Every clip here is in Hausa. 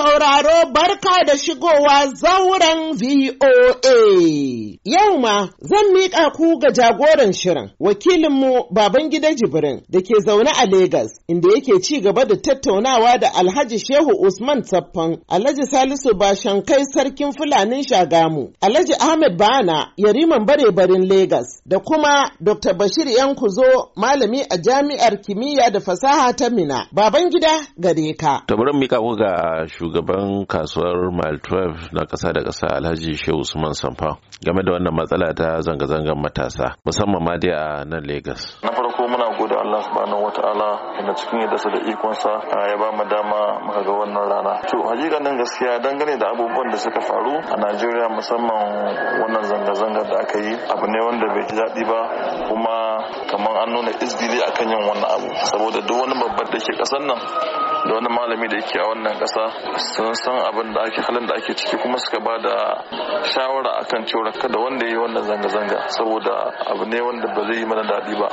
sauraro barka da shigowa zauren VOA. Yau ma zan miƙa ku ga jagoran shirin wakilinmu Babangida Jibrin da ke zaune a Legas inda yake ci gaba da tattaunawa da Alhaji Shehu Usman Saffan, Alhaji Salisu Bashankai Sarkin Fulanin Shagamu, Alhaji Ahmed Bana Yariman Bare-barin Legas da kuma Dr. Bashir Yankuzo malami a Jami'ar Kimiyya da Fasaha ta Mina. Babangida gare ka. Tabarin miƙa ga shugaban kasuwar mile 12 na kasa da kasa alhaji shehu usman samfa game da wannan matsala ta zanga zangan matasa musamman ma dai a nan lagos na farko muna gode allah subhanahu wataala inda cikin yadda su da ikonsa ya ba mu dama muka ga wannan rana to nan gaskiya dangane da abubuwan da suka faru a najeriya musamman wannan zanga-zangar da aka yi abu ne wanda bai ji daɗi ba kuma kamar an nuna izgili akan yin wannan abu saboda duk wani babban da ke ƙasar nan da wani malami da yake a wannan kasa sun san abin da ake halin da ake ciki kuma suka ba da shawara akan cewa kada wanda ya yi wannan zanga-zanga saboda abu ne wanda ba zai yi mana daɗi ba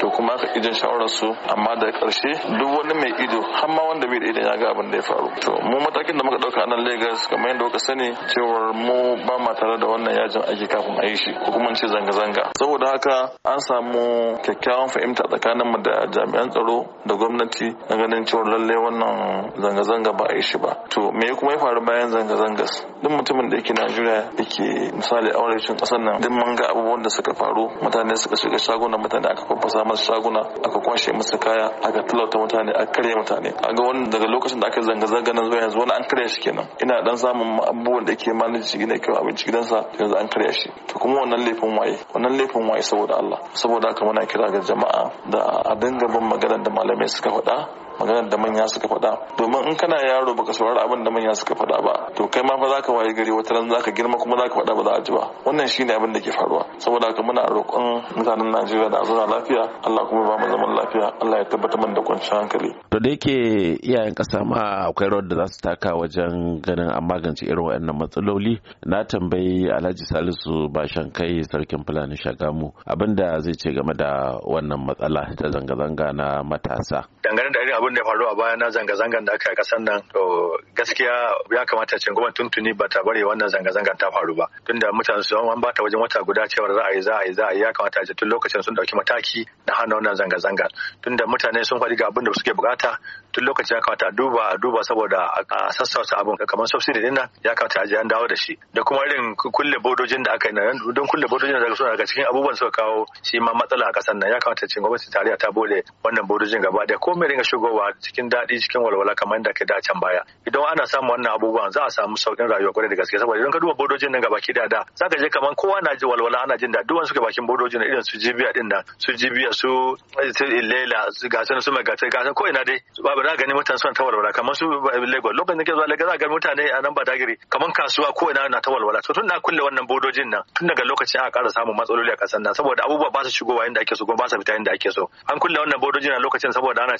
to kuma aka ijin shawarar su amma da ƙarshe duk wani mai ido har ma wanda bai da idan ya ga abin da ya faru to mu matakin da muka ɗauka a nan Lagos kamar yadda kuka sani cewar mu ba ma tare da wannan yajin aiki kafin a yi shi ko kuma ce zanga-zanga saboda haka an samu kyakkyawan fahimta tsakaninmu da jami'an tsaro da gwamnati na ganin cewar lallai wannan zanga-zanga ba a yi shi ba to me kuma ya faru bayan zanga-zangas duk mutumin da yake najeriya da ke misali aure cin kasar nan duk mun ga abubuwan da suka faru mutane suka shiga shaguna mutane aka kwafasa masu shaguna aka kwashe musu kaya aka talauta mutane aka karya mutane a ga wani daga lokacin da aka zanga-zanga na zuwa yanzu wani an karya shi kenan ina dan samun abubuwan da ke manaji ne kyau abinci gidansa yanzu an karya shi to kuma wannan laifin waye wannan laifin waye saboda Allah saboda haka muna kira ga jama'a da a dinga bin maganar da malamai suka faɗa maganar da manya suka faɗa domin in kana yaro baka saurari abin da manya suka faɗa ba to kai ma fa zaka waye gari wata ran zaka girma kuma zaka faɗa ba za a ji ba wannan shi ne abin da ke faruwa saboda haka muna roƙon mutanen Najeriya da azura lafiya Allah kuma ba mu zaman lafiya Allah ya tabbatar mana da kwanciyar hankali to da yake iyayen ƙasa ma akwai rawar da za su taka wajen ganin an magance irin waɗannan matsaloli na tambayi Alhaji Salisu Bashan kai sarkin Fulani Shagamu abinda zai ce game da wannan matsala ta zanga-zanga na matasa dangane da irin abun da ya faru a baya na zanga-zangan da aka yi a nan to gaskiya ya kamata ce gwamnati tuntuni ba ta bari wannan zanga-zangan ta faru ba tunda mutane su an bata wajen wata guda cewa, za a yi za a yi za a yi ya kamata ce tun lokacin sun dauki mataki na hana wannan zanga-zangan tunda mutane sun faɗi ga abin da suke bukata tun lokacin ya kamata a duba a duba saboda a sassauta abin kamar subsidy din nan ya kamata a je an dawo da shi da kuma irin kulle bodojin da aka yi nan don kulle bodojin da suna daga cikin abubuwan suka kawo shi ma matsala a kasan nan ya kamata ce gwamnati tarayya ta bude wannan bodojin gaba da ko mai ringa shigowa rayuwa cikin daɗi cikin walwala kamar da ka da can baya idan ana samun wannan abubuwan za a samu saukin rayuwa kwarai da gaske saboda idan ka duba bodojin nan gabaki da da ka je kamar kowa na ji walwala ana jin daɗi suke bakin bodojin irin su jibiya din nan su jibiya su lela ga su su magata ga ko ina dai ba na gani mutane suna ta walwala kamar su lagos lokacin da ke zuwa lagos za gani mutane a nan ba gari kamar kasuwa ko ina na ta walwala to tun na kulle wannan bodojin nan tun daga lokacin aka ƙara samun matsaloli a ƙasar nan saboda abubuwa ba su shigowa yadda ake so kuma ba su fita yadda ake so an kulle wannan bodojin nan lokacin saboda ana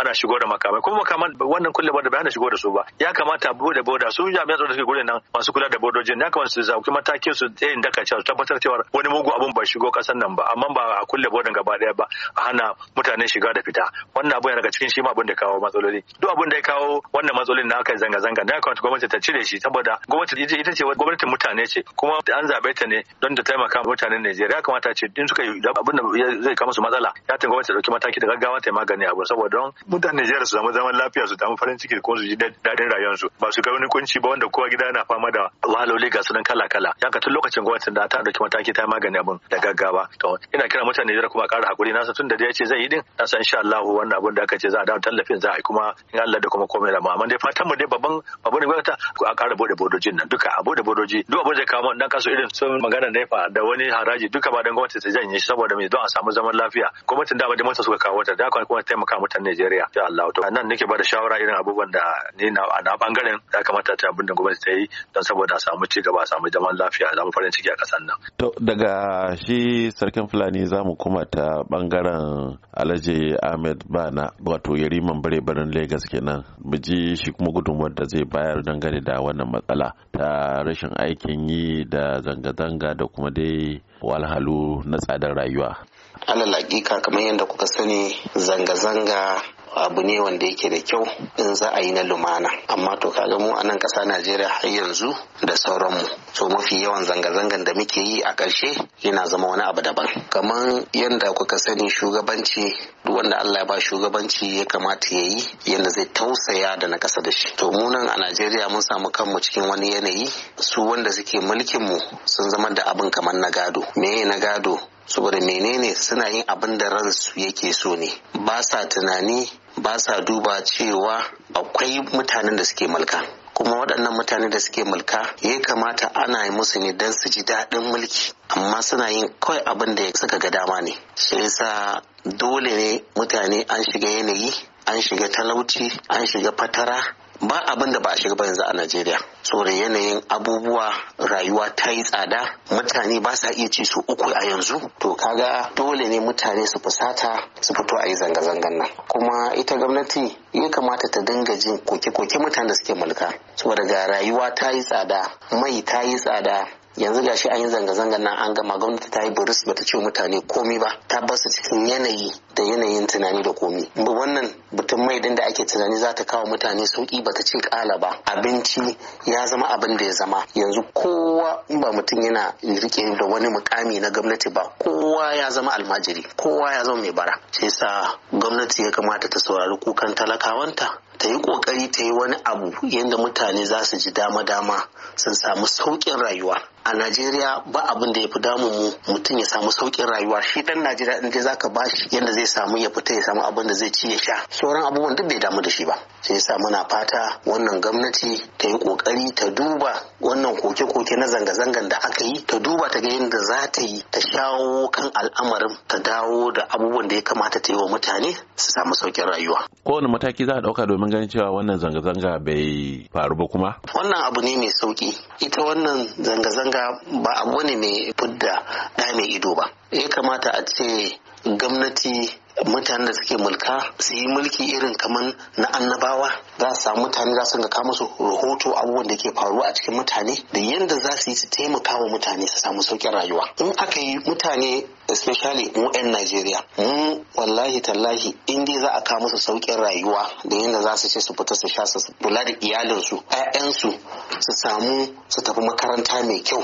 ana shigo da makamai kuma makaman wannan kulle boda bai hana shigo da su ba ya kamata a bude boda su jami'an tsaro da suke gurin nan masu kula da bodojin ya kamata su zauki matakin su tsayin daka cewa su tabbatar cewa wani mugu abun ba shigo kasan nan ba amma ba a kulle bodan gaba daya ba a hana mutane shiga da fita wannan abun ya daga cikin shi ma abun da kawo matsaloli duk abun da ya kawo wannan matsalolin na aka zanga zanga da ya kamata gwamnati ta cire shi saboda gwamnati ita ce gwamnatin mutane ce kuma an zabe ta ne don ta taimaka mutanen Najeriya ya kamata ce din suka yi abin da zai kama su matsala ya ta gwamnati ta dauki mataki da gaggawa ta magani abu saboda don mutane jihar su zama zaman lafiya su damu farin ciki ko su ji daɗin rayuwarsu ba su ga wani kunci ba wanda kowa gida na fama da wahaloli ga sunan kala kala ya ka tun lokacin gwamnatin da ta ɗauki mataki ta magani abin da gaggawa to ina kira mutane jihar kuma ƙara hakuri na tun da ya ce zai yi din na san insha Allah wannan abin da aka ce za a dawo tallafin za a yi kuma in Allah da kuma komai da mu amma dai fatan mu dai babban babban gwamnati ko a ƙara bude bodojin nan duka a bude bodoji duk abin da kawo dan kaso irin sun magana fa da wani haraji duka ba dan gwamnati ta janye saboda me don a samu zaman lafiya gwamnatin da ba da mata suka kawo ta da kuma taimaka mutanen Najeriya lafiya insha Allah to nan nake da shawara irin abubuwan da ni na a bangaren ya kamata ta abin da gwamnati ta yi don saboda a samu ci gaba a samu zaman lafiya a samu farin ciki a kasan nan to daga shi sarkin Fulani zamu kuma ta bangaren Alhaji Ahmed Bana wato Yariman Barebarin Lagos kenan mu ji shi kuma gudunmuwar da zai bayar dangane da wannan matsala ta rashin aikin yi da zanga-zanga da kuma dai walhalu na tsadar rayuwa. alal hakika kamar yadda kuka sani zanga-zanga abu ne wanda yake da kyau in za a yi na lumana amma to kaga mu a nan ƙasa najeriya har yanzu da sauranmu so mafi yawan zanga-zangan da muke yi a ƙarshe yana zama wani abu daban kamar yadda kuka sani shugabanci duk wanda allah ya ba shugabanci ya kamata ya yi yadda zai tausaya da na kasa da shi to mu nan a najeriya mun samu kanmu cikin wani yanayi su wanda suke mulkinmu sun zama da abin kamar na gado meye na gado saboda menene suna yin abin da ransu yake so ne ba sa tunani ba sa duba cewa akwai mutanen da suke mulka kuma waɗannan mutanen da suke mulka ya kamata ana yi musu ne don su ji daɗin mulki amma suna yin kawai abin da suka ga dama ne shi yasa dole ne mutane an shiga yanayi an shiga talauci an shiga fatara ba abin da ba a shiga ba yanzu a Najeriya Tsoron yanayin abubuwa rayuwa ta yi tsada mutane ba sa iya ci su uku a yanzu to kaga dole ne mutane su fusata su fito a yi zanga-zangan nan kuma ita gwamnati ya kamata ta dinga jin koke-koke mutane da suke mulka saboda ga rayuwa ta yi tsada mai ta yi tsada yanzu gashi an yi zanga zangan nan an gama gwamnati ta yi buris bata ce mutane komi ba ta basu cikin yanayi da yanayin tunani da komi ba wannan butun mai da ake tunani za ta kawo mutane sauki ba ta ce kala ba abinci ya zama abin da ya zama yanzu kowa in ba mutum yana rike da wani mukami na gwamnati ba kowa ya zama almajiri kowa ya zama mai bara sai sa gwamnati ya kamata ta saurari kukan talakawanta ta yi kokari ta yi wani abu yadda mutane za su ji dama-dama sun samu sauƙin rayuwa a najeriya ba abin da ya fi damun mu mutum ya samu sauƙin rayuwa shi dan najeriya in dai zaka bashi yadda zai zai samu ya fita ya samu abin da zai ci ya sha sauran abubuwan duk bai damu da shi ba sai yasa muna fata wannan gwamnati ta yi kokari ta duba wannan koke-koke na zanga-zangan da aka yi ta duba ta ga yadda za ta yi ta shawo kan al'amarin ta dawo da abubuwan da ya kamata ta yi wa mutane su samu saukin rayuwa kowane mataki za a dauka domin ganin cewa wannan zanga-zanga bai faru ba kuma wannan abu ne mai sauki ita wannan zanga-zanga ba abu ne mai fidda ɗaya mai ido ba ya kamata a ce gwamnati mutanen da suke mulka su yi mulki irin kamar na annabawa za su samu mutane za su ga musu rahoto abubuwan da ke faruwa a cikin mutane da yadda za su yi su taimaka wa mutane su samu sauƙin rayuwa in aka yi mutane especially mu 'yan Najeriya mu wallahi tallahi in dai za a kawo musu sauƙin rayuwa da yadda za su ce su fita su sha su kula da iyalinsu 'ya'yansu su samu su tafi makaranta mai kyau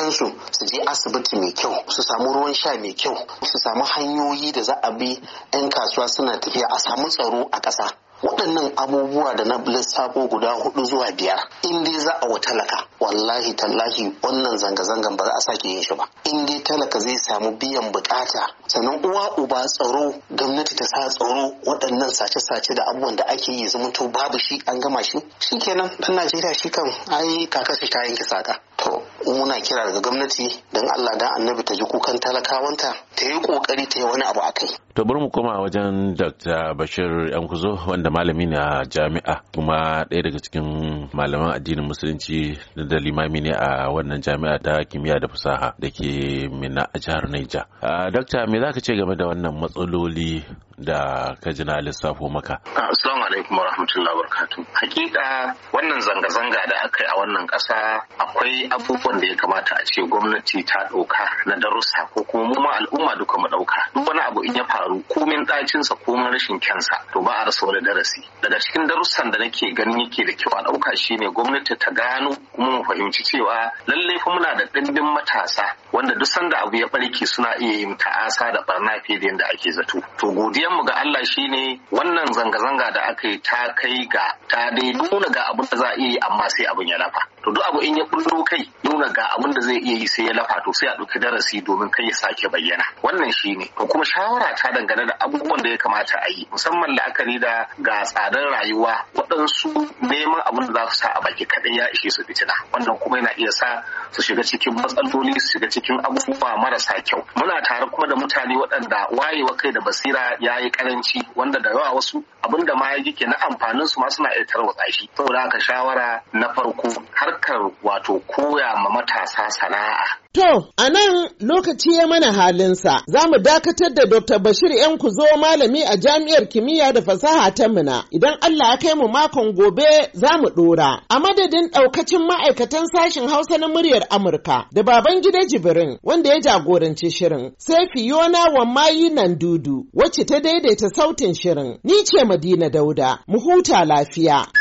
'ya'yansu su je asibiti mai kyau su samu ruwan sha mai kyau su samu hanyoyi da za a bi 'yan kasuwa suna tafiya a samu tsaro a ƙasa waɗannan abubuwa da na lissafo guda hudu zuwa biyar in dai za a wa talaka wallahi tallahi wannan zanga-zangan ba za a sake yin shi ba in dai talaka zai samu biyan bukata sannan uwa uba tsaro gwamnati ta sa tsaro waɗannan sace-sace da abubuwan da ake yi zumunto babu shi an gama shi kenan ɗan najeriya shi kan ai kakasa ta yanke saka to in muna kira daga gwamnati don Allah dan annabi ta ji kukan talakawanta ta yi kokari ta yi wani abu a kai. To bari mu koma wajen Dr. Bashir yan kuzo wanda malami ne a jami'a kuma ɗaya daga cikin malaman addinin musulunci da limami ne a wannan jami'a ta kimiyya da fasaha da ke mina a jihar Niger. Ah, Dr. me za ka ce game da wannan matsaloli da ka ji na lissafo maka. Assalamu alaikum wa rahmatullahi wa barakatuh. Hakika wannan zanga-zanga da aka yi a wannan ƙasa akwai abubuwan da ya kamata a ce gwamnati ta ɗauka na darussa ko kuma mu ma al'umma duka mu ɗauka. Duk wani abu in ya faru komin ɗacinsa komin rashin kyansa to ba a rasa wani darasi. Daga cikin darussan da nake ganin yake da kyau a ɗauka shine gwamnati ta gano kuma mu fahimci cewa lallai fa muna da ɗimbin matasa wanda duk sanda abu ya barke suna iya yin ta'asa da barna fiye da yadda ake zato to godiyar mu ga Allah shine wannan zanga-zanga da aka yi ta kai ga ta dai nuna ga abu da za a iya yi amma sai abin ya lafa to duk abu in ya bullo kai nuna ga abin da zai iya yi sai ya lafa to sai a ɗauki darasi domin kai ya sake bayyana wannan shi ne to kuma shawara ta dangane da abubuwan da ya kamata a yi musamman la'akari da ga tsadar rayuwa waɗansu neman abin da za su sa a baki kaɗai ya ishe su fitina wannan kuma yana iya sa su shiga cikin matsaloli su shiga cikin abubuwa marasa kyau muna tare kuma da mutane waɗanda wayewa kai da basira ya yi karanci wanda da yawa wasu abin da ma ya na amfanin su ma suna iya tarwatsa shi saboda haka shawara na farko har harkar wato koya ma matasa sana'a. To, a nan lokaci ya mana halinsa, za mu dakatar da Dr. Bashir ‘yan zo malami a Jami'ar Kimiyya da Fasaha ta Muna. Idan Allah ya kai mu makon gobe za mu ɗora. A madadin ɗaukacin ma'aikatan sashen Hausa na muryar Amurka da baban gida Jibirin wanda ya jagoranci shirin, sai Fiona mayi nan dudu wacce ta daidaita sautin shirin. Ni ce Madina Dauda, mu huta lafiya.